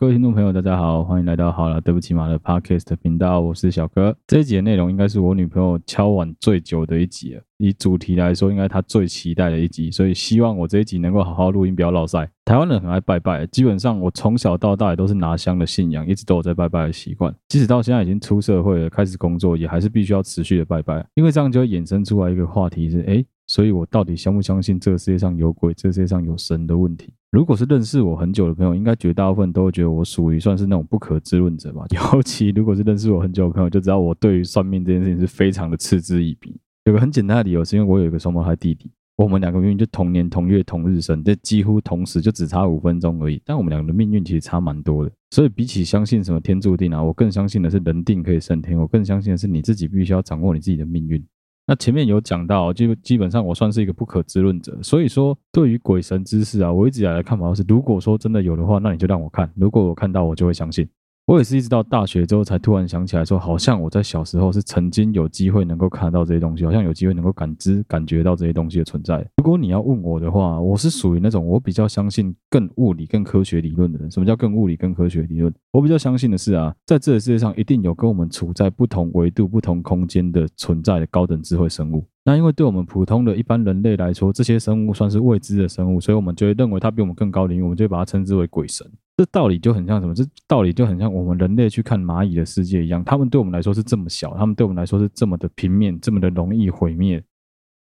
各位聽眾朋友，大家好，歡迎來到《好了對不起嘛》的 Podcast 頻道，我是小哥。這一集的內容應該是我女朋友敲碗最久的一集了，以主題來說，應該她最期待的一集，所以希望我這一集能夠好好錄音，不要落賽。台灣人很愛拜拜，基本上我從小到大也都是拿香的信仰，一直都有在拜拜的習慣。即使到現在已經出社會了，開始工作，也還是必須要持續的拜拜，因為這樣就會衍生出來一個話題是：哎、欸。所以，我到底相不相信這個世界上有鬼、這個世界上有神的問題？如果是認識我很久的朋友，應該絕大部分都會覺得我屬於算是那種不可知論者吧。尤其如果是認識我很久的朋友，就知道我對於算命這件事情是非常的嗤之以鼻。有個很簡單的理由是，因為我有一個雙胞胎弟弟，我們兩個命運就同年同月同日生，這幾乎同時，就只差五分鐘而已。但我們兩個的命運其實差蠻多的。所以，比起相信什麼天注定啊，我更相信的是人定可以勝天。我更相信的是你自己必須要掌握你自己的命運。那前面有講到，基基本上我算是一個不可知論者，所以說對於鬼神之事啊，我一直以來的看法是，如果說真的有的話，那你就讓我看，如果我看到，我就會相信。我也是一直到大學之後，才突然想起來說，好像我在小時候是曾經有機會能夠看到這些東西，好像有機會能夠感知、感覺到這些東西的存在。如果你要問我的話，我是屬於那種我比較相信更物理、更科學理論的人。什麼叫更物理、更科學理論？我比較相信的是啊，在這個世界上一定有跟我們處在不同維度、不同空間的存在的高等智慧生物。那因為對我們普通的一般人類來說，這些生物算是未知的生物，所以我們就會認為它比我們更高靈，我們就會把它稱之為鬼神。這道理就很像什麼？這道理就很像我們人類去看螞蟻的世界一樣，他們對我們來說是這麼小，他們對我們來說是這麼的平面，這麼的容易毀滅。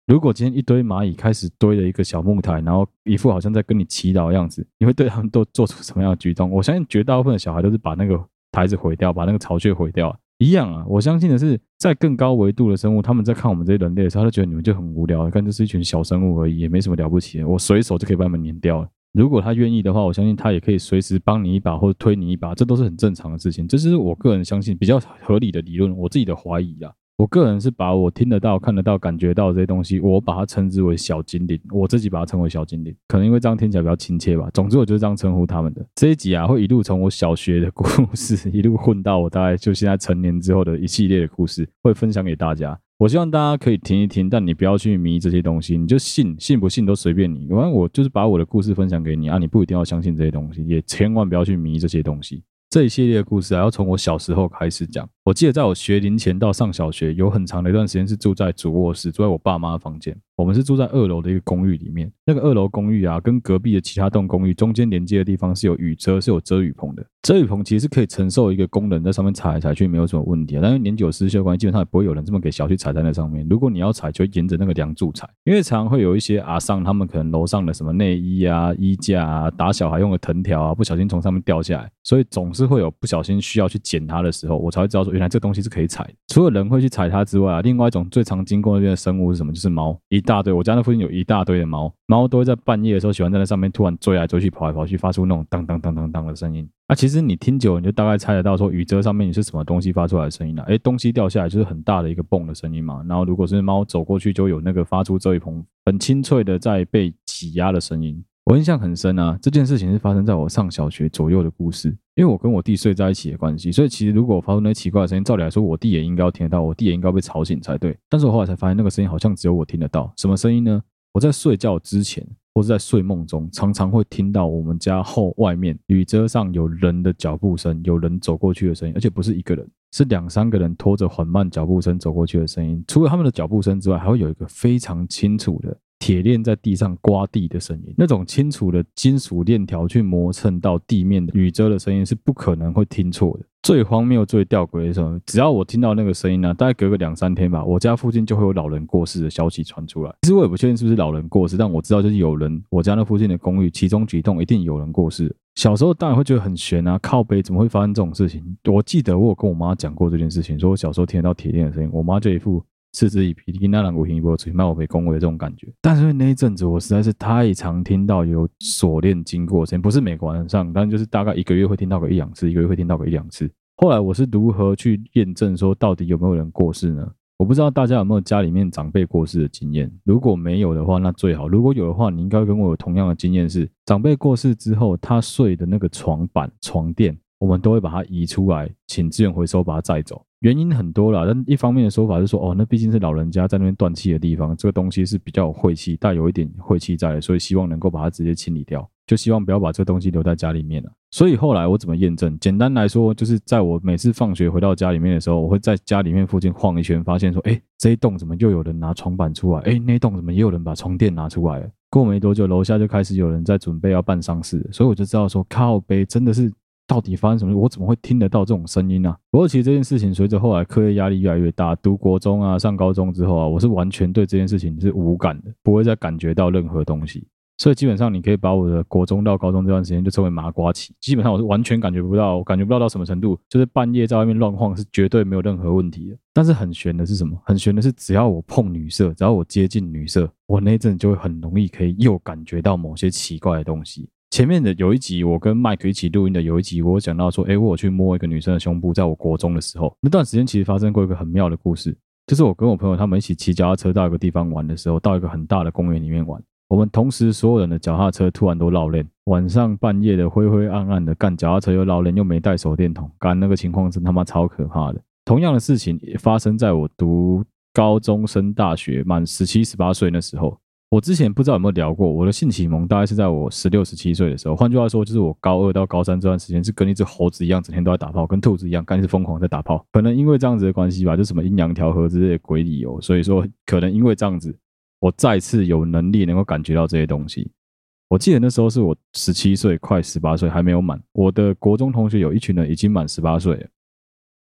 如果今天一堆螞蟻開始堆了一個小木台，然後一副好像在跟你祈禱的樣子，你會對他們都做出什麼樣的舉動？我相信絕大部分的小孩都是把那個台子毀掉，把那個巢穴毀掉。一樣啊，我相信的是，在更高維度的生物，他們在看我們這些人類的時候，他覺得你們就很無聊，看，就是一群小生物而已，也沒什麼了不起的，我隨手就可以把它們碾掉了。如果他願意的話，我相信他也可以隨時幫你一把，或者推你一把，這都是很正常的事情。這是我個人相信比較合理的理論，我自己的懷疑啊。我個人是把我聽得到、看得到、感覺到的這些東西，我把它稱之為小精靈。我自己把它稱為小精靈，可能因為這樣聽起來比較親切吧。總之，我就是這樣稱呼他們的。這一集啊，會一路從我小學的故事一路混到我大概就現在成年之後的一系列的故事，會分享給大家。我希望大家可以聽一聽，但你不要去迷這些東西，你就信信不信都隨便你。反正我就是把我的故事分享給你啊，你不一定要相信這些東西，也千萬不要去迷這些東西。這一系列的故事啊，要從我小時候開始講。我記得在我學齡前到上小學，有很長的一段時間是住在主臥室，住在我爸媽房間。我們是住在二樓的一個公寓裡面。那個二樓公寓啊，跟隔壁的其他棟公寓中間連接的地方是有雨遮，是有遮雨棚的。遮雨棚其實是可以承受一個工人在上面踩來踩去，沒有什麼問題。但是年久失修的關係，基本上也不會有人這麼給小區踩在那上面。如果你要踩，就會沿着那個梁柱踩，因為常常會有一些阿桑他們可能樓上的什麼內衣啊、衣架啊、打小孩用的藤條啊，不小心從上面掉下來，所以總是會有不小心需要去撿它的時候，我才會知道說。原來這個東西是可以踩的，除了人會去踩它之外啊，另外一種最常經過那邊的生物是什麼？就是貓，一大堆。我家那附近有一大堆的貓，貓都會在半夜的時候喜歡在那上面突然追來追去、跑來跑去，發出那種當當當當當的聲音。啊，其實你聽久了，你就大概猜得到說雨遮上面是什麼東西發出來的聲音了，啊。誒，東西掉下來就是很大的一個蹦的聲音嘛。然後如果是，是貓走過去，就有那個發出這一棚很清脆的在被擠壓的聲音。我印象很深啊，這件事情是發生在我上小學左右的故事。因為我跟我弟睡在一起的關係，所以其實如果發生那些奇怪的聲音，照理來說我弟也應該要聽得到，我弟也應該要被吵醒才對。但是我後來才發現，那個聲音好像只有我聽得到。什麼聲音呢？我在睡覺之前，或是在睡夢中，常常會聽到我們家後外面雨遮上有人的腳步聲，有人走過去的聲音，而且不是一個人，是兩三個人拖着緩慢腳步聲走過去的聲音。除了他們的腳步聲之外，還會有一個非常清楚的。鐵鏈在地上刮地的聲音，那種清楚的金屬鏈條去磨蹭到地面的雨遮的聲音是不可能會聽錯的。最荒謬、最弔詭的時候，只要我聽到那個聲音呢、啊，大概隔個兩三天吧，我家附近就會有老人過世的消息傳出來。其實我也不確定是不是老人過世，但我知道就是有人，我家那附近的公寓其中幾棟一定有人過世。小時候當然會覺得很懸啊，靠北怎麼會發生這種事情？我記得我有跟我媽講過這件事情，說我小時候聽得到鐵鏈的聲音，我媽就一副。嗤之以鼻，聽納蘭谷平一波出去，麥可被恭維的這種感覺。但是那一陣子，我實在是太常聽到有鎖鏈經過聲，不是每個晚上，但是就是大概一個月會聽到個一兩次，一個月會聽到個一兩次。後來我是如何去驗證說到底有沒有人過世呢？我不知道大家有沒有家裡面長輩過世的經驗，如果沒有的話，那最好；如果有的話，你應該跟我有同樣的經驗，是長輩過世之後，他睡的那個床板、床墊，我們都會把它移出來，請資源回收把它載走。原因很多啦，但一方面的說法就是說，哦，那畢竟是老人家在那邊斷氣的地方，這個東西是比較有晦氣，帶有一點晦氣在，所以希望能夠把它直接清理掉，就希望不要把這個東西留在家裡面了。所以後來我怎麼驗證？簡單來說，就是在我每次放學回到家裡面的時候，我會在家裡面附近晃一圈，發現說，哎，這一棟怎麼又有人拿床板出來？哎，那一棟怎麼又有人把床墊拿出來？過沒多久，樓下就開始有人在準備要辦喪事，所以我就知道說，靠背真的是。到底發生什麼？我怎麼會聽得到這種聲音呢、啊？不過，其實這件事情隨着後來課業壓力越來越大，讀國中啊、上高中之後啊，我是完全對這件事情是無感的，不會再感覺到任何東西。所以，基本上你可以把我的國中到高中這段時間就稱為麻瓜期。基本上我是完全感覺不到，我感覺不到到什麼程度，就是半夜在外面亂晃是絕對沒有任何問題的。但是很玄的是什麼？很玄的是，只要我碰女色，只要我接近女色，我那陣就會很容易可以又感覺到某些奇怪的東西。前面的有一集，我跟麥克一起錄音的有一集，我有講到說，誒、欸，我去摸一個女生的胸部，在我國中的時候，那段時間其實發生過一個很妙的故事，就是我跟我朋友他們一起騎腳踏車到一個地方玩的時候，到一個很大的公園裡面玩，我們同時所有人的腳踏車突然都落鏈，晚上半夜的灰灰暗暗的，幹腳踏車又落鏈又沒帶手電筒，幹那個情況真他媽超可怕的。同樣的事情也發生在我讀高中升大學滿十七十八歲那時候。我之前不知道有沒有聊過，我的性啟蒙大概是在我十六十七歲的時候，換句話說，就是我高二到高三這段時間是跟一隻猴子一樣，整天都在打炮，跟兔子一樣，開始瘋狂在打炮。可能因為這樣子的關係吧，就什麼陰陽調和之類的鬼理由，哦，所以說可能因為這樣子，我再次有能力能夠感覺到這些東西。我記得那時候是我十七歲，快十八歲還沒有滿，我的國中同學有一群人已經滿十八歲了。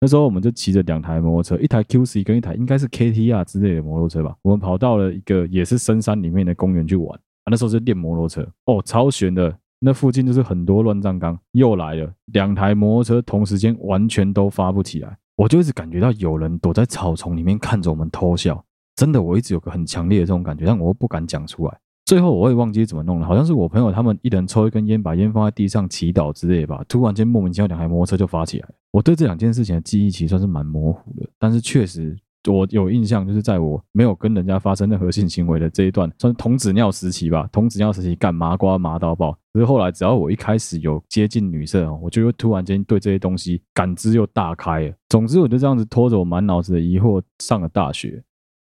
那時候我們就騎着兩台摩托車，一台 QC 跟一台應該是 KTR 之類的摩托車吧，我們跑到了一個也是深山裡面的公園去玩。啊，那時候是練摩托車哦，超懸的！那附近就是很多亂葬崗，又來了兩台摩托車，同時間完全都發不起來。我就一直感覺到有人躲在草叢裡面看着我們偷笑，真的，我一直有個很強烈的這種感覺，但我又不敢講出來。最後我也忘記怎麼弄了，好像是我朋友他們一人抽一根菸，把菸放在地上祈禱之類吧。突然間莫名其妙兩台摩托車就發起來了。我對這兩件事情的記憶其實算是蠻模糊的，但是確實我有印象，就是在我沒有跟人家發生任何性行為的這一段，算是童子尿時期吧。童子尿時期幹麻瓜麻到爆。可是後來只要我一開始有接近女生，我就會突然間對這些東西感知又大開了。總之我就這樣子拖着我滿腦子的疑惑上了大學。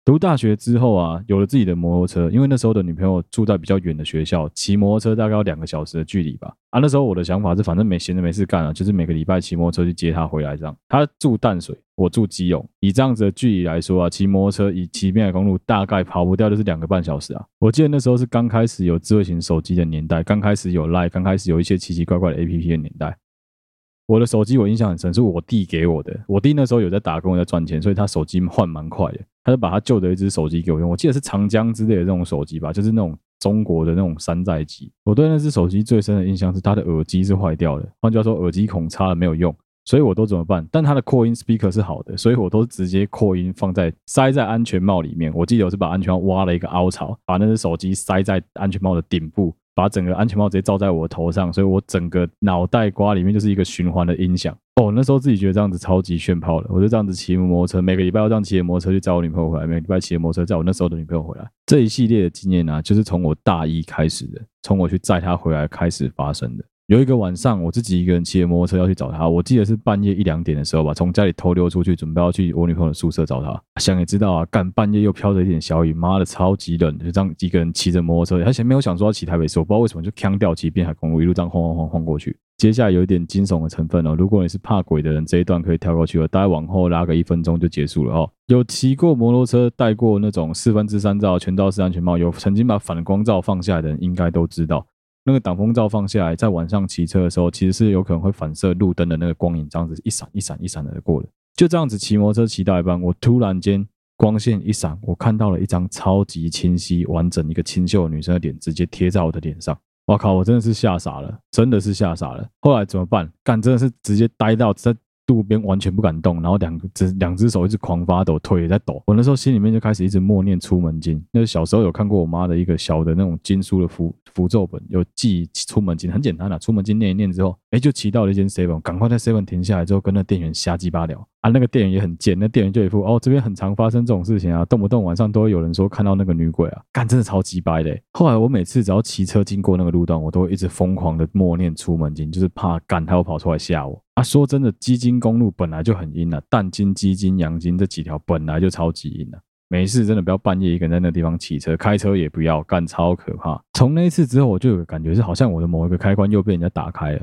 讀大學之後啊，有了自己的摩托車，因為那時候的女朋友住在比較遠的學校，騎摩托車大概要兩個小時的距離吧。啊，那時候我的想法是，反正沒閒着沒事幹啊，就是每個禮拜騎摩托車去接她回來，這樣。她住淡水，我住基隆，以這樣子的距離來說啊，騎摩托車以騎濱海公路，大概跑不掉就是兩個半小時啊。我記得那時候是剛開始有智慧型手機的年代，剛開始有 Line，剛開始有一些奇奇怪怪的 APP 的年代。我的手機我印象很深，是我弟給我的。我弟那時候有在打工，有在賺錢，所以他手機換蠻快的。他就把他舊的一隻手機給我用，我記得是長江之類的這種手機吧，就是那種中國的那種山寨機。我對那隻手機最深的印象是它的耳機是壞掉的，換句話說，耳機孔插了沒有用，所以我都怎麼辦？但它的擴音 speaker 是好的，所以我都直接擴音放在塞在安全帽裡面。我記得我是把安全帽挖了一個凹槽，把那隻手機塞在安全帽的頂部，把整個安全帽直接罩在我的頭上，所以我整個腦袋瓜裡面就是一個循環的音響。哦，那時候自己覺得這樣子超級炫炮的，我就這樣子騎摩托車，每個禮拜要這樣騎着摩托車去找我女朋友回來，每個禮拜騎着摩托車載我那時候的女朋友回來，這一系列的經驗啊，就是從我大一開始的，從我去載她回來開始發生的。有一個晚上，我自己一個人騎着摩托車要去找他。我記得是半夜一兩點的時候吧，從家裡偷溜出去，準備要去我女朋友的宿舍找他。想也知道啊，幹，半夜又飄着一點小雨，媽的超級冷，就這樣一個人騎着摩托車。他前面有想說要騎台北市，我不知道為什麼就強掉騎濱海公路，一路這樣晃晃晃晃過去。接下來有一點驚悚的成分哦，如果你是怕鬼的人，這一段可以跳過去了。大概往後拉個一分鐘就結束了哦。有騎過摩托車、戴過那種四分之三罩、全罩式安全帽、有曾經把反光罩放下來的人，應該都知道。那個擋風罩放下來，在晚上騎車的時候，其實是有可能會反射路燈的那個光影，這樣子一閃一閃一閃的過來。就這樣子騎摩托車騎到一半，我突然間光線一閃，我看到了一張超級清晰完整一個清秀的女生的臉，直接貼在我的臉上。哇靠，我真的是嚇傻了，真的是嚇傻了。後來怎麼辦？幹，真的是直接呆到在路邊完全不敢動，然後兩只兩只手一直狂發抖，腿也在抖。我那時候心裡面就開始一直默念出門經，那個小時候有看過我媽的一個小的那種經書的符。符咒本有記出門經，很簡單的，啊，出門經念一念之後，哎、欸，就騎到了一間 seven，趕快在 seven 停下來之後，跟那店員瞎雞巴聊啊。那個店員也很賤，那店員就一副哦，這邊很常發生這種事情啊，動不動晚上都會有人說看到那個女鬼啊，幹真的超級白的。後來我每次只要騎車經過那個路段，我都會一直瘋狂的默念出門經，就是怕幹，他要跑出來嚇我啊。說真的，基金公路本來就很陰了，啊，淡金、基金、陽金這幾條本來就超級陰了，啊。沒事，真的不要半夜一個人在那個地方騎車，開車也不要幹，超可怕。從那一次之後，我就有個感覺是，好像我的某一個開關又被人家打開了。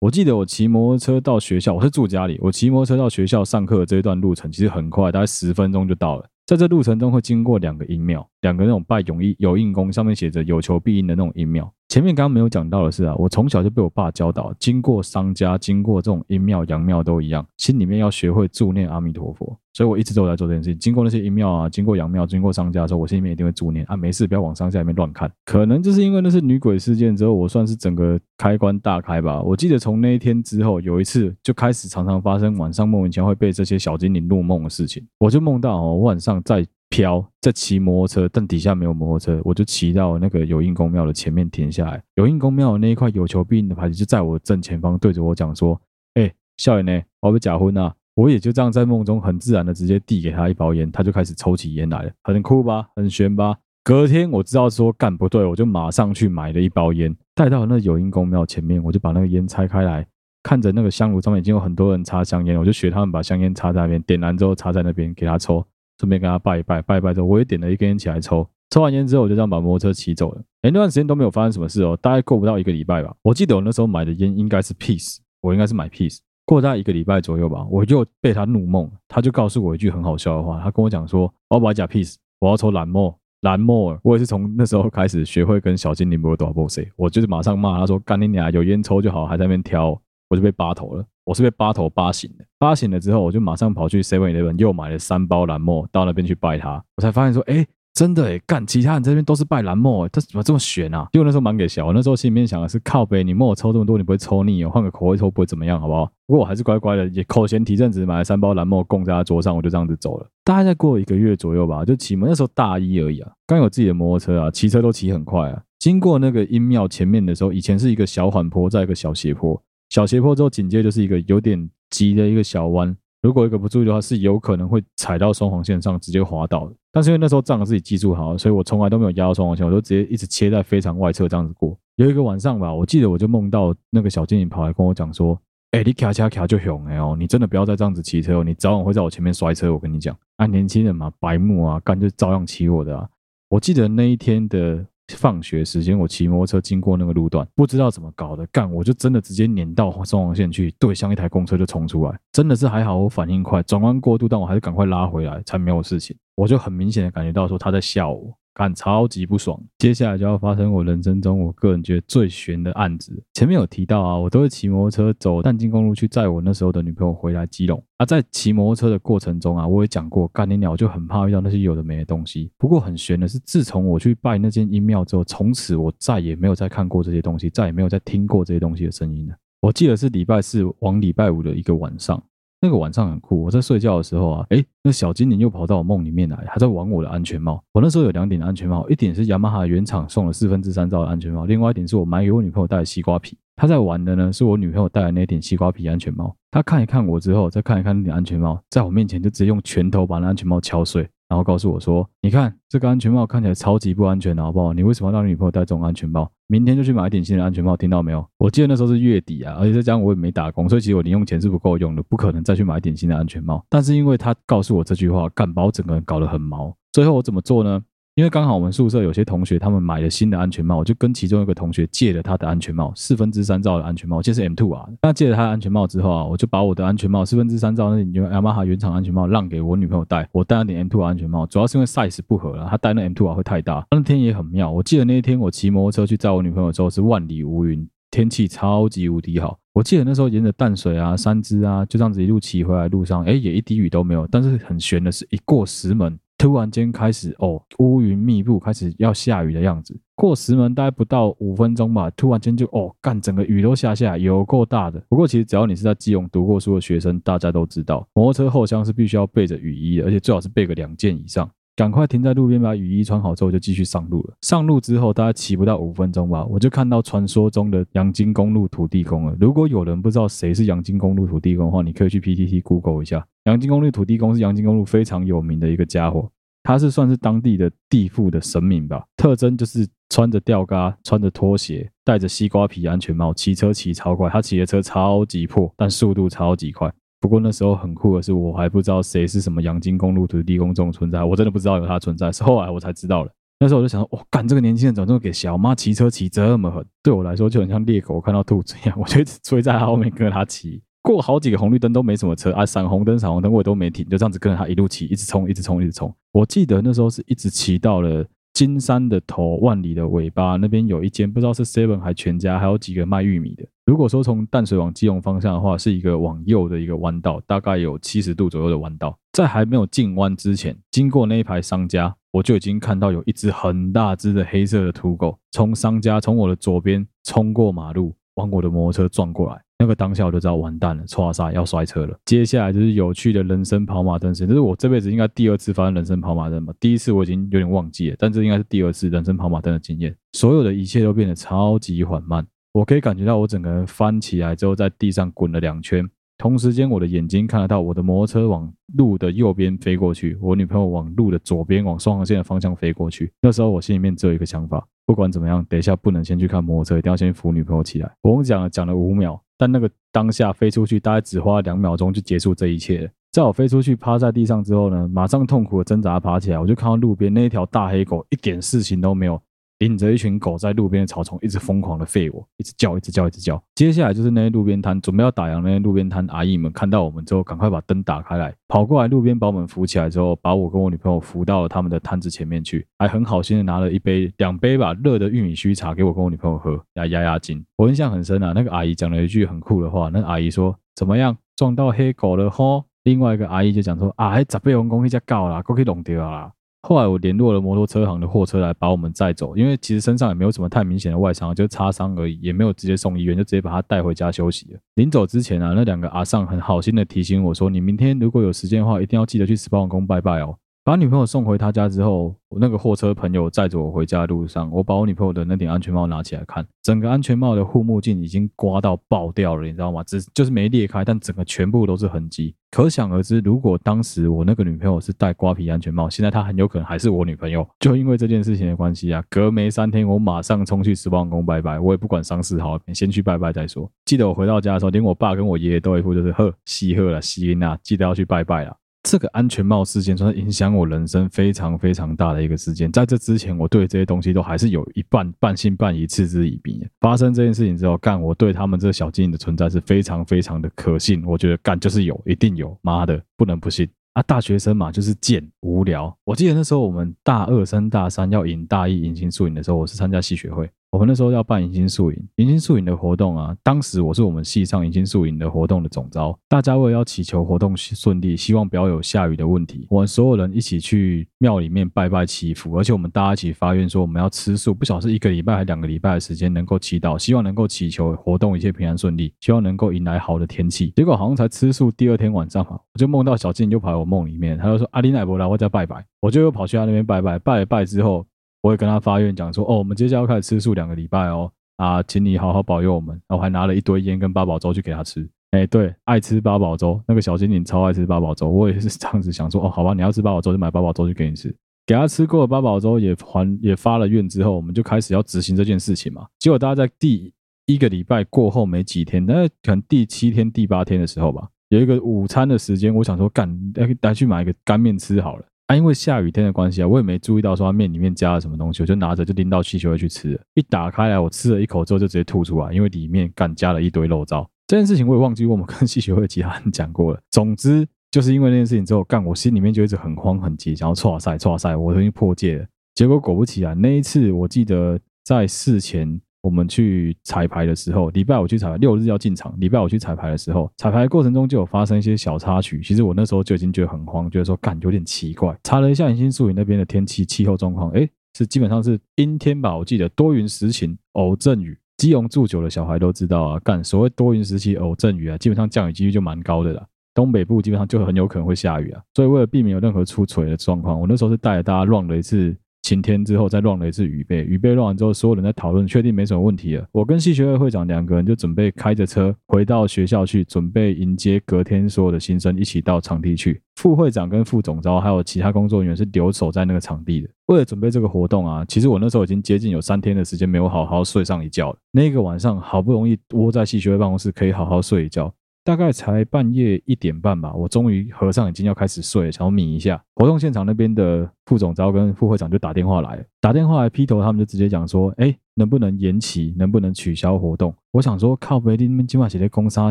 我記得我騎摩托車到學校，我是住家裡，我騎摩托車到學校上課的這一段路程其實很快，大概十分鐘就到了。在這路程中會經過兩個陰廟，兩個那種拜永一有應公，上面寫着有求必應的那種陰廟。前面剛剛沒有講到的是啊，我從小就被我爸教導，經過商家，經過這種陰廟、陽廟都一樣，心裡面要學會祝念阿彌陀佛，所以我一直都在做這件事情。經過那些陰廟啊，經過陽廟，經過商家的時候，我心裡面一定會祝念啊，沒事，不要往商家裡面亂看。可能就是因為那是女鬼事件之後，我算是整個開關大開吧。我記得從那一天之後，有一次就開始常常發生晚上莫名其妙會被這些小精靈入夢的事情，我就夢到哦，晚上在。飄在騎摩托車，但底下沒有摩托車，我就騎到那個有應公廟的前面停下來。有應公廟的那一塊有求必應的牌子就在我正前方，對着我講說：“哎、欸，校園呢？我要不假婚啊？”我也就這樣在夢中很自然的直接遞給他一包煙，他就開始抽起煙來了，很酷吧，很炫吧。隔天我知道說干不對，我就馬上去買了一包煙，帶到那個有應公廟前面，我就把那個煙拆開來，看着那個香爐上面已經有很多人插香煙，我就學他們把香煙插在那邊，點燃之後插在那邊給他抽。順便跟他拜一拜，拜拜之後，我也點了一根煙起來抽。抽完煙之後，我就這樣把摩托車騎走了。欸，那段時間都沒有發生什麼事哦，大概過不到一個禮拜吧。我記得我那時候買的煙應該是 Peace，我應該是買 Peace。過大概一個禮拜左右吧，我又被他怒夢，他就告訴我一句很好笑的話，他跟我講說：“我要買假 Peace，我要抽藍墨藍墨。”我也是從那時候開始學會跟小精靈不會賭博，誰？我就是馬上罵他說：“幹你娘啊，有煙抽就好，還在那邊挑。”我就被拔頭了。我是被八頭八醒的，八醒了之後，我就馬上跑去 Seven Eleven 又買了三包藍墨，到那邊去拜他。我才發現說，哎、欸，真的哎、欸，幹其他人這邊都是拜藍墨，他怎麼這麼玄啊？因為那時候蠻給小。我那時候心裡面想的是，靠北，你墨抽這麼多，你不會抽膩？換個口味抽不會怎麼樣，好不好？不過我還是乖乖的，也口嫌體正直，買了三包藍墨供在他桌上，我就這樣子走了。大概再過一個月左右吧，就騎摩托車，那時候大一而已啊，剛有自己的摩托車啊，騎車都騎很快啊。經過那個陰廟前面的時候，以前是一個小緩坡，再一個小斜坡。小斜坡之後，緊接就是一個有點急的一個小彎。如果一個不注意的話，是有可能會踩到雙黃線上，直接滑倒的。但是因為那時候仗著自己技術好了，所以我從來都沒有壓到雙黃線，我都直接一直切在非常外側這樣子過。有一個晚上吧，我記得我就夢到那個小精靈跑來跟我講說：“哎、欸，你卡卡卡就熊了哦，你真的不要再這樣子騎車哦，你早晚會在我前面摔車。”我跟你講，啊，年輕人嘛，白目啊，幹就照樣騎我的啊。我記得那一天的。放學時間，我騎摩托車經過那個路段，不知道怎麼搞的，幹我就真的直接碾到雙黃線去，對向一台公車就衝出來，真的是還好我反應快，轉彎過度，但我還是趕快拉回來，才沒有事情。我就很明顯的感覺到說他在笑我。幹超級不爽，接下來就要發生我人生中我個人覺得最玄的案子。前面有提到啊，我都會騎摩托車走淡金公路去載我那時候的女朋友回來基隆。而、啊、在騎摩托車的過程中啊，我也講過，幹你鳥，我就很怕遇到那些有的沒的東西。不過很玄的是，自從我去拜那間陰廟之後，從此我再也沒有再看過這些東西，再也沒有再聽過這些東西的聲音了。我記得是禮拜四往禮拜五的一個晚上。那個晚上很酷，我在睡覺的時候啊，哎、欸，那小精靈又跑到我夢裡面來，還在玩我的安全帽。我那時候有兩頂安全帽，一頂是雅馬哈原廠送了四分之三罩的安全帽，另外一頂是我買給我女朋友戴的西瓜皮。他在玩的呢，是我女朋友戴的那頂西瓜皮安全帽。他看一看我之後，再看一看那頂安全帽，在我面前就直接用拳頭把那安全帽敲碎。然後告訴我說：“你看這個安全帽看起來超級不安全的，好不好？你為什麼要讓你女朋友戴這種安全帽？明天就去買一頂新的安全帽，聽到沒有？”我記得那時候是月底啊，而且再加上我也沒打工，所以其實我零用錢是不夠用的，不可能再去買一頂新的安全帽。但是因為他告訴我這句話，幹把我整個人搞得很毛。最後我怎麼做呢？因為剛好我們宿舍有些同學，他們買了新的安全帽，我就跟其中一個同學借了他的安全帽，四分之三罩的安全帽，我記得是 M2R 的。那他借了他的安全帽之後，啊，我就把我的安全帽四分之三罩，那頂就 Yamaha 原廠安全帽讓給我女朋友戴，我戴了頂 M2R 安全帽，主要是因為 size 不合了，她戴那 M2R 會太大。那天也很妙，我記得那一天我騎摩托車去載我女朋友的時候是萬里無雲，天氣超級無敵好。我記得那時候沿着淡水啊、三芝啊，就這樣子一路騎回來路上，哎也一滴雨都沒有。但是很玄的是，一過石門。突然間開始哦，烏雲密佈，開始要下雨的樣子。過石門待不到五分鐘吧，突然間就哦，幹，整個雨都下下，有夠大的。不過其實只要你是在基隆讀過書的學生，大家都知道，摩托車後箱是必須要備着雨衣的，而且最好是備個兩件以上。趕快停在路邊，把雨衣穿好之後就繼續上路了。上路之後，大家騎不到五分鐘吧，我就看到傳說中的陽金公路土地公了。如果有人不知道誰是陽金公路土地公的話，你可以去 PTT Google 一下。陽金公路土地公是陽金公路非常有名的一個家伙，他是算是當地的地富的神明吧。特徵就是穿着吊嘎，穿着拖鞋，戴着西瓜皮安全帽，騎車騎超快。他騎的車超級破，但速度超級快。不過那時候很酷的是，我還不知道誰是什麼陽金公路、土地公這種存在，我真的不知道有它存在，是後來我才知道了。那時候我就想說，我、哦、幹這個年輕人怎麼這麼給小，媽騎車騎這麼狠？對我來說就很像獵狗我看到兔子一樣，我就一直追在他後面跟着他騎。過好幾個紅綠燈都沒什麼車啊，閃紅燈、閃紅燈我都沒停，就這樣子跟着他一路騎一，一直衝、一直衝、一直衝。我記得那時候是一直騎到了金山的頭、萬里的尾巴，那邊有一間不知道是 seven 還全家，還有幾個賣玉米的。如果說從淡水往基隆方向的話，是一個往右的一個彎道，大概有七十度左右的彎道。在還沒有進彎之前，經過那一排商家，我就已經看到有一只很大只的黑色的土狗，從商家從我的左邊衝過馬路，往我的摩托車撞過來。那個當下我就知道完蛋了，唰沙要摔車了。接下來就是有趣的人生跑馬燈時間，這是我這輩子應該第二次發生人生跑馬燈吧？第一次我已經有點忘記了，但這應該是第二次人生跑馬燈的經驗。所有的一切都變得超級緩慢。我可以感覺到我整個人翻起來之後，在地上滾了兩圈。同時間，我的眼睛看得到我的摩托車往路的右邊飛過去，我女朋友往路的左邊往雙黃線的方向飛過去。那時候，我心裡面只有一個想法：不管怎麼樣，等一下不能先去看摩托車，一定要先扶女朋友起來。我講了講了五秒，但那個當下飛出去，大概只花了兩秒鐘就結束這一切。在我飛出去趴在地上之後呢，馬上痛苦的掙扎爬起來，我就看到路邊那一條大黑狗一點事情都沒有。領着一群狗在路邊的草叢一直瘋狂的吠我，一直叫，一直叫，一直叫。接下來就是那些路邊攤準備要打烊，那些路邊攤阿姨們看到我們之後，趕快把燈打開來，跑過來路邊把我們扶起來之後，把我跟我女朋友扶到了他們的攤子前面去，還很好心的拿了一杯兩杯吧熱的玉米須茶給我跟我女朋友喝，來壓壓驚。我印象很深啊，那個阿姨講了一句很酷的話，那阿姨說：“怎麼樣撞到黑狗了？”吼，另外一個阿姨就講說：“啊，十八公公那只狗啦，過去弄掉啦。”後來我聯絡了摩托車行的貨車來把我們載走，因為其實身上也沒有什麼太明顯的外傷，就是、擦傷而已，也沒有直接送醫院，就直接把他帶回家休息了。臨走之前啊，那兩個阿桑很好心的提醒我說：“你明天如果有時間的話，一定要記得去十八王公拜拜哦。”把女朋友送回她家之後，我那個貨車朋友載着我回家的路上，我把我女朋友的那頂安全帽拿起來看，整個安全帽的護目鏡已經刮到爆掉了，你知道嗎？只是就是沒裂開，但整個全部都是痕跡。可想而知，如果當時我那個女朋友是戴瓜皮安全帽，現在她很有可能還是我女朋友。就因為這件事情的關係啊，隔沒三天，我馬上衝去十八王公拜拜，我也不管傷勢好，先去拜拜再說。記得我回到家的時候，連我爸跟我爺爺都一副就是呵，喜賀了喜呀，記得要去拜拜了。這個安全帽事件算是影響我人生非常非常大的一個事件。在這之前，我對這些東西都還是有一半半信半疑，嗤之以鼻。發生這件事情之後，幹我對他們這小精靈的存在是非常非常的可信。我覺得幹就是有，一定有。媽的，不能不信啊！大學生嘛，就是賤無聊。我記得那時候我們大二升大三要迎大一迎新宿營的時候，我是參加系學會。我們那時候要辦迎新宿營，迎新宿營的活動啊。當時我是我們系上迎新宿營的活動的總召，大家為了要祈求活動順利，希望不要有下雨的問題，我們所有人一起去廟裡面拜拜祈福，而且我們大家一起發願說，我們要吃素，不曉得是一個禮拜還是兩個禮拜的時間能夠祈禱，希望能夠祈求活動一切平安順利，希望能夠迎來好的天氣。結果好像才吃素第二天晚上，啊，我就夢到小靜就跑來我夢裡面，他就說阿林奶伯來我家拜拜，我就又跑去他那邊拜拜，拜了拜之後，我也跟他發願講說，哦，我們接下來要開始吃素兩個禮拜哦，啊、呃，請你好好保佑我們。然後還拿了一堆煙跟八寶粥去給他吃，哎，對，愛吃八寶粥，那個小精靈超愛吃八寶粥，我也是這樣子想說，哦，好吧，你要吃八寶粥就買八寶粥去給你吃，給他吃過的八寶粥也還也發了願之後，我們就開始要執行這件事情嘛。結果大家在第一個禮拜過後沒幾天，但是可能第七天第八天的時候吧，有一個午餐的時間，我想說，幹，來，來，來去買一個乾面吃好了。啊、因為下雨天的關係啊，我也沒注意到說他麵裡面加了什麼東西，我就拿着就拎到氣球會去吃了。一打開來，我吃了一口之後就直接吐出來，因為裡面幹加了一堆肉燥。這件事情我也忘記，我們跟氣球會其他人講過了。總之，就是因為那件事情之後，幹我心裡面就一直很慌很急，然後唰塞唰、啊、塞，我都已經破戒了。結果果不其然、啊，那一次我記得在事前。我們去彩排的時候，禮拜五去彩排，六日要進場。禮拜五去彩排的時候，彩排過程中就有發生一些小插曲。其實我那時候就已經覺得很慌，覺得說感覺有點奇怪。查了一下銀林樹林那邊的天氣氣候狀況，哎，是基本上是陰天吧？我記得多雲時晴偶陣雨，基隆住久的小孩都知道啊，幹所謂多雲時晴偶陣雨啊，基本上降雨機率就蠻高的啦。東北部基本上就很有可能會下雨啊，所以為了避免有任何出槌的狀況，我那時候是帶着大家 run 了一次。晴天之後再亂了一次雨備，雨備亂完之後，所有人在討論，確定沒什麼問題了。我跟系學會會長兩個人就準備開着車回到學校去，準備迎接隔天所有的新生一起到場地去。副會長跟副總召還有其他工作人員是留守在那個場地的。為了準備這個活動啊，其實我那時候已經接近有三天的時間沒有好好睡上一覺了。那個晚上好不容易窩在系學會辦公室可以好好睡一覺。大概才半夜一點半吧，我終於合上眼睛要開始睡了，想要眯一下。活動現場那邊的副總召跟副會長就打電話來了，打電話來劈頭，他們就直接講說：“哎，能不能延期？能不能取消活動？”我想說，靠北！你們今晚寫的攻三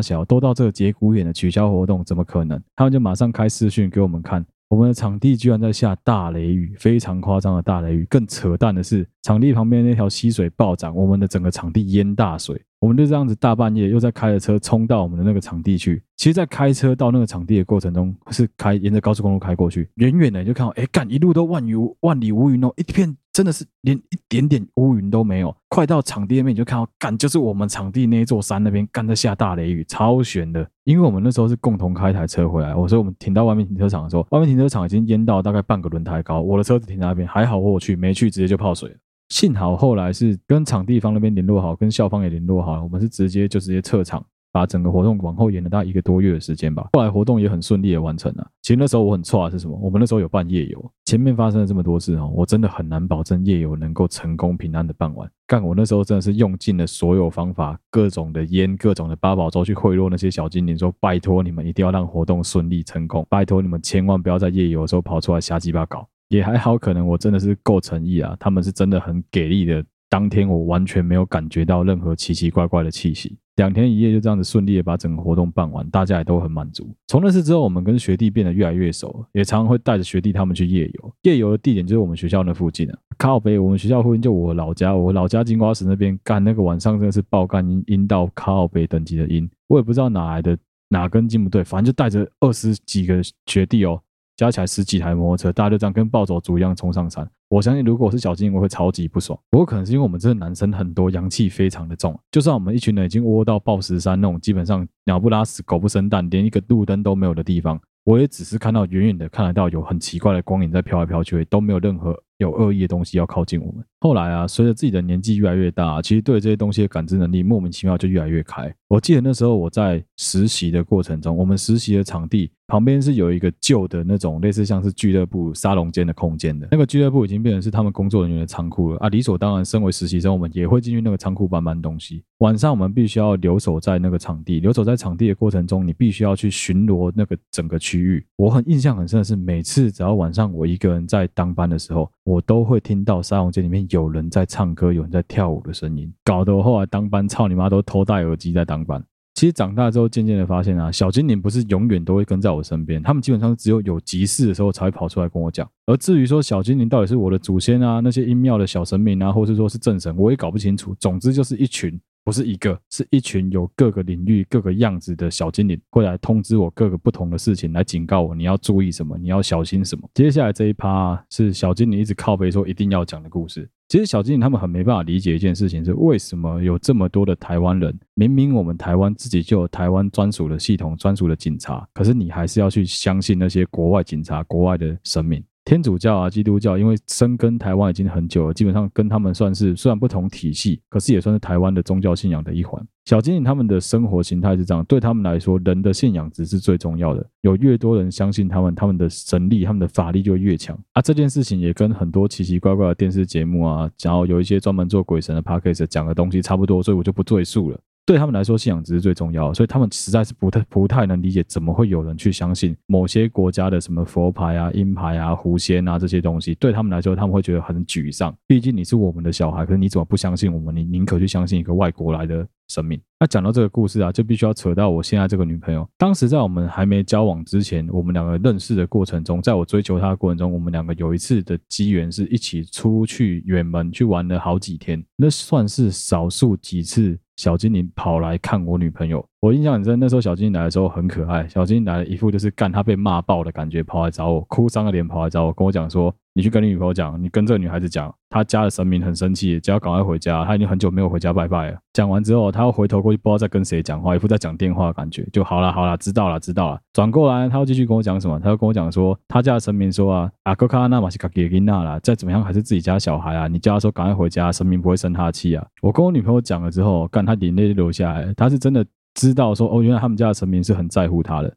小，都到這個節骨眼了，取消活動怎麼可能？他們就馬上開視訊給我們看。我們的場地居然在下大雷雨，非常誇張的大雷雨。更扯淡的是，場地旁邊那條溪水暴漲，我們的整個場地淹大水。我們就這樣子大半夜又在開着車衝到我們的那個場地去。其實，在開車到那個場地的過程中，是開沿着高速公路開過去，遠遠的就看到，哎，幹，一路都萬里萬里無雲哦，一片。真的是連一點點烏雲都沒有，快到場地那邊你就看到，幹就是我們場地那一座山那邊幹在下大雷雨，超懸的。因為我們那時候是共同開一台車回來，我說我們停到外面停車場的時候，外面停車場已經淹到大概半個輪胎高，我的車子停在那邊還好我，我去沒去，直接就泡水了。幸好後來是跟場地方那邊聯絡好，跟校方也聯絡好了，我們是直接就直接撤場。把整個活動往後延了大概一個多月的時間吧。後來活動也很順利的完成了。其實那時候我很挫啊，是什麼？我們那時候有辦夜遊，前面發生了這麼多事哦。我真的很難保證夜遊能夠成功平安的辦完。但我那時候真的是用盡了所有方法，各種的菸，各種的八寶粥去賄賂那些小精靈，說拜托你們一定要讓活動順利成功，拜托你們千萬不要在夜遊的時候跑出來瞎雞巴搞。也還好，可能我真的是夠誠意啊，他們是真的很給力的。當天我完全沒有感覺到任何奇奇怪怪的氣息。兩天一夜就這樣子順利的把整個活動辦完，大家也都很滿足。從那次之後，我們跟學弟變得越來越熟，也常常會帶着學弟他們去夜遊。夜遊的地點就是我們學校那附近的、啊、卡奧杯。我們學校附近就我老家，我老家金瓜石那邊幹那個晚上真的是爆幹陰，陰到卡奧杯等級的陰，我也不知道哪來的哪根筋不對，反正就帶着二十幾個學弟哦。加起來十幾台摩托車，大家就這樣跟暴走族一樣衝上山。我相信，如果我是小精靈，我會超級不爽。不過，可能是因為我們這男生很多，陽氣非常的重。就算我們一群人已經窩，窩到暴石山那種，基本上鳥不拉屎、狗不生蛋、連一個路燈都沒有的地方。我也只是看到遠遠的看得到有很奇怪的光影在飄來飄去，都沒有任何有惡意的東西要靠近我們。後來啊，隨着自己的年紀越來越大，其實對這些東西的感知能力莫名其妙就越來越開。我記得那時候我在實習的過程中，我們實習的場地旁邊是有一個舊的那種類似像是俱樂部沙龍間的空間的，那個俱樂部已經變成是他們工作人員的倉庫了。啊，理所當然，身為實習生我們也會進去那個倉庫搬搬東西。晚上我們必須要留守在那個場地，留守在場地的過程中，你必須要去巡邏那個整個區。區域我很印象很深的是，每次只要晚上我一個人在當班的時候，我都會聽到沙龍街裡面有人在唱歌，有人在跳舞的聲音，搞得我後來當班操你媽都偷戴耳機在當班。其實長大之後，漸漸的發現啊，小精靈不是永遠都會跟在我身邊，他們基本上只有有急事的時候才會跑出來跟我講。而至於說小精靈到底是我的祖先啊，那些陰廟的小神明啊，或是說是正神，我也搞不清楚。總之就是一群。不是一個，是一群有各個領域、各個樣子的小精靈，會來通知我各個不同的事情，來警告我你要注意什麼，你要小心什麼。接下來這一趴是小精靈一直靠背說一定要講的故事。其實小精靈他們很沒辦法理解一件事情是，是為什麼有這麼多的台灣人，明明我們台灣自己就有台灣專屬的系統、專屬的警察，可是你還是要去相信那些國外警察、國外的神明。天主教啊，基督教，因為生根台灣已經很久了，基本上跟他們算是雖然不同體系，可是也算是台灣的宗教信仰的一環。小精靈他們的生活形態是這樣，對他們來說，人的信仰只是最重要的。有越多人相信他們，他們的神力、他們的法力就會越強。啊，這件事情也跟很多奇奇怪怪的電視節目啊，然後有一些專門做鬼神的 podcast 講的東西差不多，所以我就不贅述了。對他們來說，信仰只是最重要的，所以他們實在是不太不太能理解，怎麼會有人去相信某些國家的什麼佛牌啊、陰牌啊、狐仙啊這些東西？對他們來說，他們會覺得很沮喪。畢竟你是我們的小孩，可是你怎麼不相信我們？你寧可去相信一個外國來的神明。那講到這個故事啊，就必須要扯到我現在這個女朋友。當時在我們還沒交往之前，我們兩個認識的過程中，在我追求她的過程中，我們兩個有一次的機緣是一起出去遠門去玩了好幾天。那算是少數幾次。小精靈跑來看我女朋友，我印象很深。那時候小精靈來的時候很可愛，小精靈來了一副就是幹他被罵爆的感覺，跑來找我，哭喪個臉跑來找我，跟我講說。你去跟你女朋友講，你跟這個女孩子講，她家的神明很生氣，只要趕快回家，她已經很久沒有回家拜拜了。講完之後，她又回頭過去，不知道在跟誰講話，也不在講電話，感覺就好啦好啦，知道啦知道啦。轉過來，她又繼續跟我講什麼？她又跟我講說，她家的神明說啊，阿科卡納馬西卡吉金娜啦，再怎麼樣還是自己家小孩啊，你叫她說趕快回家，神明不會生他氣啊。我跟我女朋友講了之後，幹，她眼淚流下來，她是真的知道說，哦，原來他們家的神明是很在乎她的。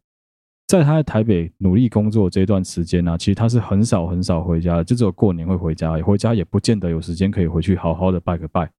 在他在台北努力工作這段時間呢、啊，其實他是很少很少回家的，就只有過年會回家。回家也不見得有時間可以回去好好的拜個拜。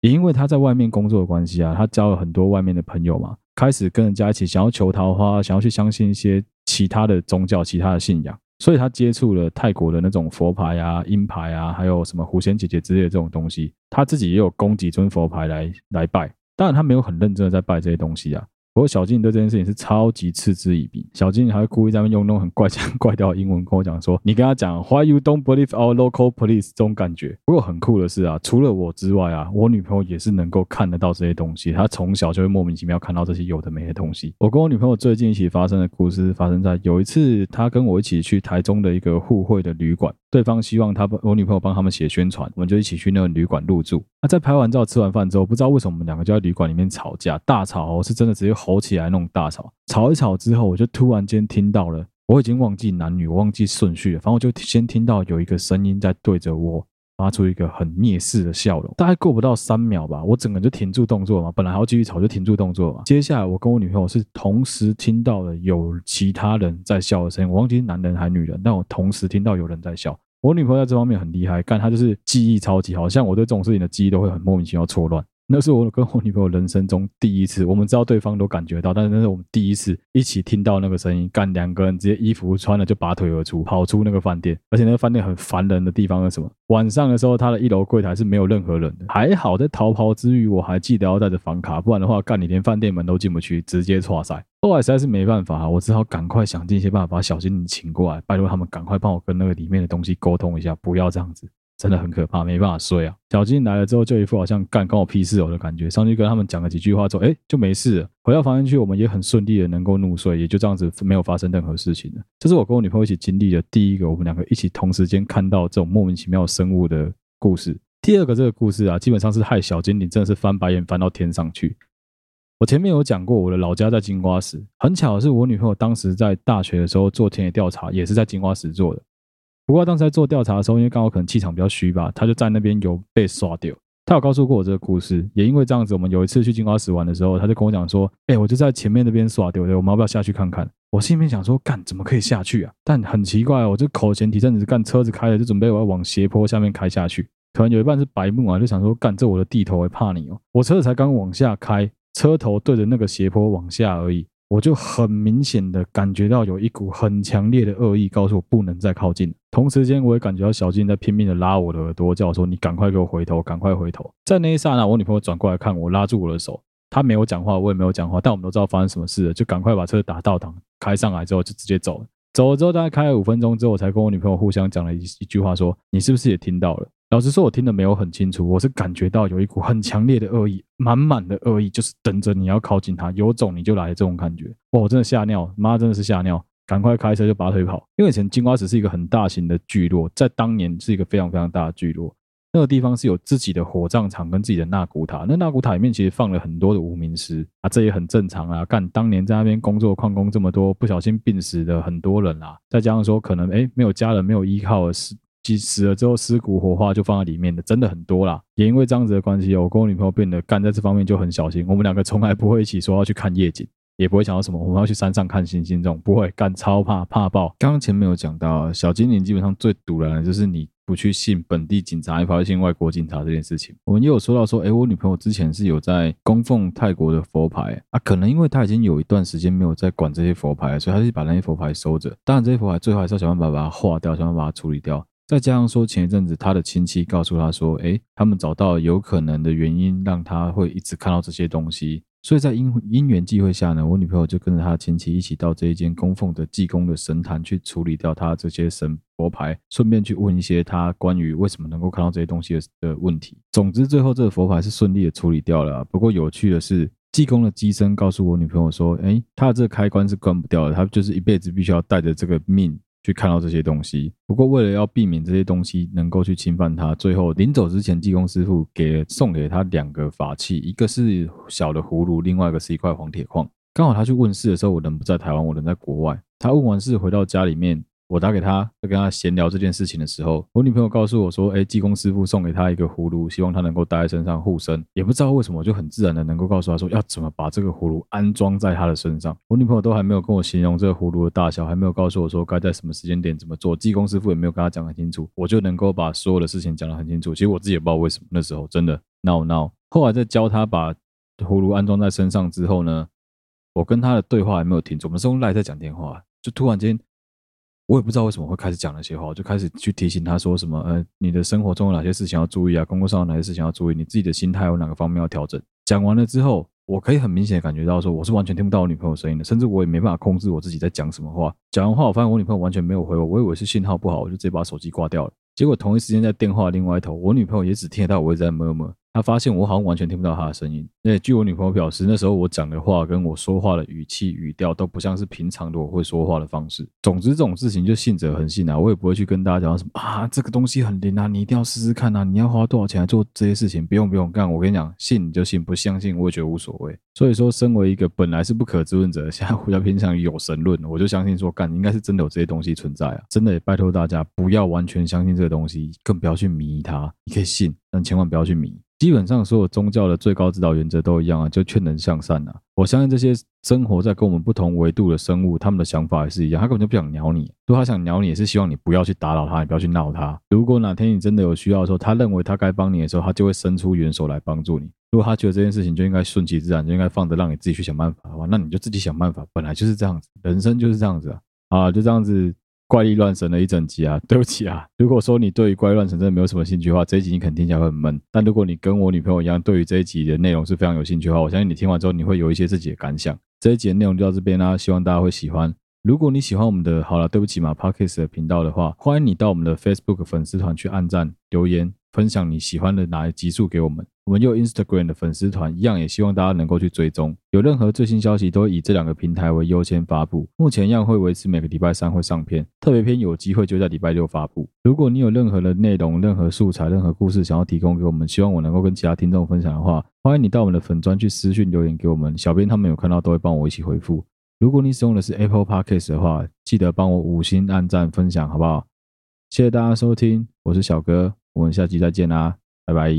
也因為他在外面工作的關係啊，他交了很多外面的朋友嘛，開始跟人家一起想要求桃花，想要去相信一些其他的宗教、其他的信仰，所以他接觸了泰國的那種佛牌啊、陰牌啊，還有什麼狐仙姐姐之類的這種東西。他自己也有供幾尊佛牌來來拜，當然他沒有很認真的在拜這些東西啊。不過小金對這件事情是超級嗤之以鼻，小金還會故意在那用那種很怪腔怪調的英文跟我講說：“你跟他講 why you don't believe our local police？” 這種感覺。不過很酷的是啊，除了我之外啊，我女朋友也是能夠看得到這些東西，她從小就會莫名其妙看到這些有的沒的東西。我跟我女朋友最近一起發生的故事，發生在有一次她跟我一起去台中的一個互惠的旅館。對方希望他，我女朋友幫他們寫宣傳，我們就一起去那個旅館入住。那在拍完照、吃完飯之後，不知道為什麼我們兩個就在旅館裡面吵架，大吵哦，是真的直接吼起來那種大吵。吵一吵之後，我就突然間聽到了，我已經忘記男女，我忘記順序了。反正我就先聽到有一個聲音在對着我發出一個很蔑視的笑容。大概過不到三秒吧，我整個人就停住動作嘛，本來還要繼續吵就停住動作嘛。接下來我跟我女朋友是同時聽到了有其他人在笑的聲音，我忘記是男人還女人，但我同時聽到有人在笑。我女朋友在這方面很厲害，幹她就是記憶超級好，像我對這種事情的記憶都會很莫名其妙錯亂。那是我跟我女朋友人生中第一次，我們知道對方都感覺到，但是那是我們第一次一起聽到那個聲音，幹兩個人直接衣服穿了就拔腿而出，跑出那個飯店，而且那個飯店很煩人的地方是什麼？晚上的時候，他的一樓櫃台是沒有任何人的，還好在逃跑之餘我還記得要帶着房卡，不然的話，幹你連飯店門都進不去，直接剉賽。後來實在是沒辦法啊，我只好趕快想盡一些辦法把小精靈請過來，拜托他們趕快幫我跟那個裡面的東西溝通一下，不要這樣子，真的很可怕，沒辦法睡啊。小精靈來了之後，就一副好像幹，幹我屁事哦的感覺，上去跟他們講了幾句話之後，誒就沒事了。回到房間去，我們也很順利的能夠入睡，也就這樣子，沒有發生任何事情了。這是我跟我女朋友一起經歷的第一個，我們兩個一起同時間看到這種莫名其妙的生物的故事。第二個這個故事啊，基本上是害小精靈真的是翻白眼翻到天上去。我前面有講過，我的老家在金瓜石。很巧的是，我女朋友當時在大學的時候做田野調查，也是在金瓜石做的。不過當時在做調查的時候，因為剛好可能氣場比較虛吧，她就在那邊有被刷掉。她有告訴過我這個故事。也因為這樣子，我們有一次去金瓜石玩的時候，她就跟我講說：“哎、欸，我就在前面那邊刷掉的，我們要不要下去看看？”我心裡面想說：“幹，怎麼可以下去啊？”但很奇怪，我就口前提陣是幹車子開了，就準備我要往斜坡下面開下去，可能有一半是白目啊，就想說：“幹，這我的地頭，還怕你哦、喔？”我車子才剛往下開。車頭對着那個斜坡往下而已，我就很明顯的感覺到有一股很強烈的惡意，告訴我不能再靠近。同時間，我也感覺到小金在拼命的拉我的耳朵，叫我說：“你趕快給我回頭，趕快回頭。”在那一剎那，我女朋友轉過來看我，拉住我的手，她沒有講話，我也沒有講話，但我們都知道發生什麼事了，就趕快把車打倒擋，開上來之後就直接走了。走了之後，大概開了五分鐘之後，我才跟我女朋友互相講了一一句話，說：“你是不是也聽到了？”老實說，我聽得沒有很清楚，我是感覺到有一股很強烈的惡意，滿滿的惡意，就是等着你要靠近他，有種你就來這種感覺。我、哦、真的嚇尿，媽，真的是嚇尿，趕快開車就拔腿跑。因為以前金瓜石是一個很大型的聚落，在當年是一個非常非常大的聚落，那個地方是有自己的火葬場跟自己的納骨塔，那納骨塔裡面其實放了很多的無名屍啊，這也很正常啊。幹，當年在那邊工作礦工這麼多，不小心病死的很多人啊，再加上說可能哎沒有家人，沒有依靠的事。即死了之後，屍骨火化就放在裡面的，真的很多啦。也因為這樣子的關係，我跟我女朋友變得幹在這方面就很小心。我們兩個從來不會一起說要去看夜景，也不會想到什麼我們要去山上看星星這種，不會幹超怕怕爆。剛剛前面有講到，小精靈基本上最毒人就是你不去信本地警察，你不要去信外國警察這件事情。我們也有說到說，哎、欸，我女朋友之前是有在供奉泰國的佛牌啊，可能因為她已經有一段時間沒有在管這些佛牌，所以她就把那些佛牌收着。當然，這些佛牌最好還是要想辦法把它化掉，想辦法把它處理掉。再加上說，前一陣子他的親戚告訴他說，哎，他們找到有可能的原因，讓他會一直看到這些東西。所以在因因緣際會下呢，我女朋友就跟着他的親戚一起到這一間供奉的濟公的神壇去處理掉他這些神佛牌，順便去問一些他關於為什麼能夠看到這些東西的的問題。總之，最後這個佛牌是順利的處理掉了啊。不過有趣的是，濟公的乩身告訴我女朋友說，哎，他的這個開關是關不掉的，他就是一輩子必須要帶着這個命去看到這些東西，不過為了要避免這些東西能夠去侵犯他，最後臨走之前，濟公師傅給送給他兩個法器，一個是小的葫蘆，另外一個是一塊黃鐵礦。剛好他去問事的時候，我人不在台灣，我人在國外。他問完事回到家裡面。我打給他，在跟他閒聊這件事情的時候，我女朋友告訴我說：“哎、欸，濟公師傅送給他一個葫蘆，希望他能夠戴在身上護身。”也不知道為什麼，我就很自然的能夠告訴他說要怎麼把這個葫蘆安裝在他的身上。我女朋友都還沒有跟我形容這個葫蘆的大小，還沒有告訴我說該在什麼時間點怎麼做。濟公師傅也沒有跟他講很清楚，我就能夠把所有的事情講得很清楚。其實我自己也不知道為什麼，那時候真的鬧鬧、no, no。後來在教他把葫蘆安裝在身上之後呢，我跟他的對話還沒有停住，我們是用賴在講電話，就突然間。我也不知道為什麼會開始講那些話，我就開始去提醒他說什麼呃，你的生活中有哪些事情要注意啊，工作上有哪些事情要注意，你自己的心態有哪個方面要調整。講完了之後，我可以很明顯的感覺到說，我是完全聽不到我女朋友聲音的，甚至我也沒辦法控制我自己在講什麼話。講完話，我發現我女朋友完全沒有回我，我以為是信號不好，我就直接把手機掛掉了。結果同一時間在電話另外一頭，我女朋友也只聽得到我一直在麼麼。他發現我好像完全聽不到他的聲音。那據我女朋友表示，那時候我講的話跟我說話的語氣語調都不像是平常的我會說話的方式。總之這種事情就信者恆信啊，我也不會去跟大家講什麼啊，這個東西很靈啊，你一定要試試看啊，你要花多少錢來做這些事情？不用不用干，我跟你講，信你就信，不相信我也覺得無所謂。所以說，身為一個本來是不可知論者，現在我比較偏向於有神論，我就相信說干應該是真的有這些東西存在啊。真的也拜托大家不要完全相信這個東西，更不要去迷它。你可以信，但千萬不要去迷。基本上所有宗教的最高指導原則都一樣啊，就勸人向善啊。我相信這些生活在跟我們不同維度的生物，他們的想法也是一樣。他根本就不想鳥你，如果他想鳥你也是希望你不要去打擾他，你不要去鬧他。如果哪天你真的有需要的時候，他認為他該幫你的時候，他就會伸出援手來幫助你。如果他覺得這件事情就應該順其自然，就應該放着讓你自己去想辦法的話，那你就自己想辦法。本來就是這樣子，人生就是這樣子啊，啊，就這樣子。怪力亂神的一整集啊，對不起啊！如果說你對於怪力亂神真的沒有什麼興趣的話，這一集你肯定聽起來會很悶。但如果你跟我女朋友一樣，對於這一集的內容是非常有興趣的話，我相信你聽完之後你會有一些自己的感想。這一集的內容就到這邊啦，啊，希望大家會喜歡。如果你喜歡我們的好了，對不起嘛 Podcast 的頻道的話，歡迎你到我們的 Facebook 粉絲團去按讚、留言、分享你喜歡的哪一集數給我們。我們用 Instagram 的粉絲團，一樣也希望大家能夠去追蹤。有任何最新消息，都以這兩個平台為優先發布。目前一樣會維持每個禮拜三會上片，特別篇有機會就在禮拜六發布。如果你有任何的內容、任何素材、任何故事想要提供給我們，希望我能夠跟其他聽眾分享的話，歡迎你到我們的粉專去私訊留言給我們，小編他們有看到都會幫我一起回復。如果你使用的是 Apple Podcast 的話，記得幫我五星按讚、分享，好不好？謝謝大家收聽，我是小哥，我們下期再見啦、啊，拜拜。